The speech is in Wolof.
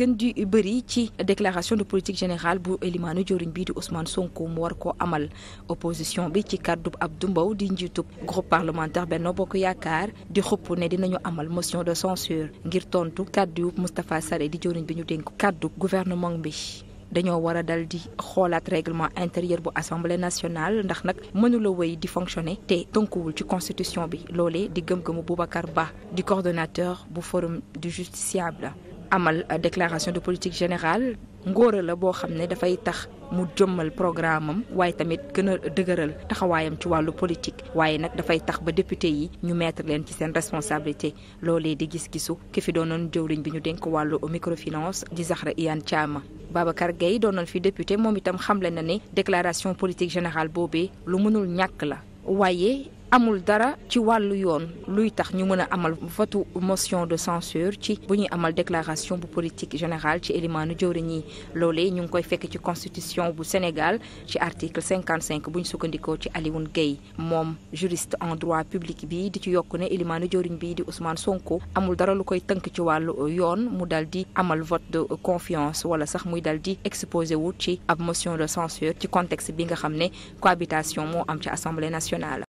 gën di bëri ci déclaration de politique générale bu élimaanu joriñ bii di Ousmane Sonko mu war koo amal opposition bi ci kàddu Abdou Mbow di njiitub groupe parlementaire Benno Bokk Yaakaar di xupp ne dinañu amal motion de censure ngir tontu kàddu yu Moustapha Sarré di joriñ bi ñu dénk kàddu gouvernement bi dañoo war a dal di xoolaat règlement intérieure bu assemblée nationale ndax nag mënula wéy di fonctionner te tënkuwul ci constitution bi loolee di gëm-gëmu Boubacar Ba di coordonnateur bu forum du justiciable amal euh, déclaration de politique général ngóora la boo xam ne dafay tax mu jëmmal programme am waaye tamit gën a dëgëral taxawaayam ci wàllu politique waaye nag dafay tax ba député yi ñu mettre leen ci seen responsabilité loolee di gis-gisu ki fi doonoon jëwriñ bi ñu dénk wàllu microfinance di Zahra yan Thiam Babacar Gueye doonoon fi député moom itam xamle na ni déclaration politique général boobee lu mënul ñàkk la waaye amul dara ci wàllu yoon luy tax ñu mën a amal votu motion de censure ci bu ñuy amal déclaration bu politique générale ci élimaanu jëwriñ yi loolee ñu ngi koy fekk ci constitution bu Sénégal ci article cinquante cinq bu ñu sukkandikoo ci Alioune Guèye moom juriste en droit public bi di ci yokk ne élimaanu jëwriñ bii di Ousmane Sonko amul dara lu koy tënk ci wàllu yoon mu dal di amal vote de confiance wala sax muy dal di exposé wu ci ab motion de censure ci contexte bi nga xam ne cohabitation moo am ci assemblée nationale.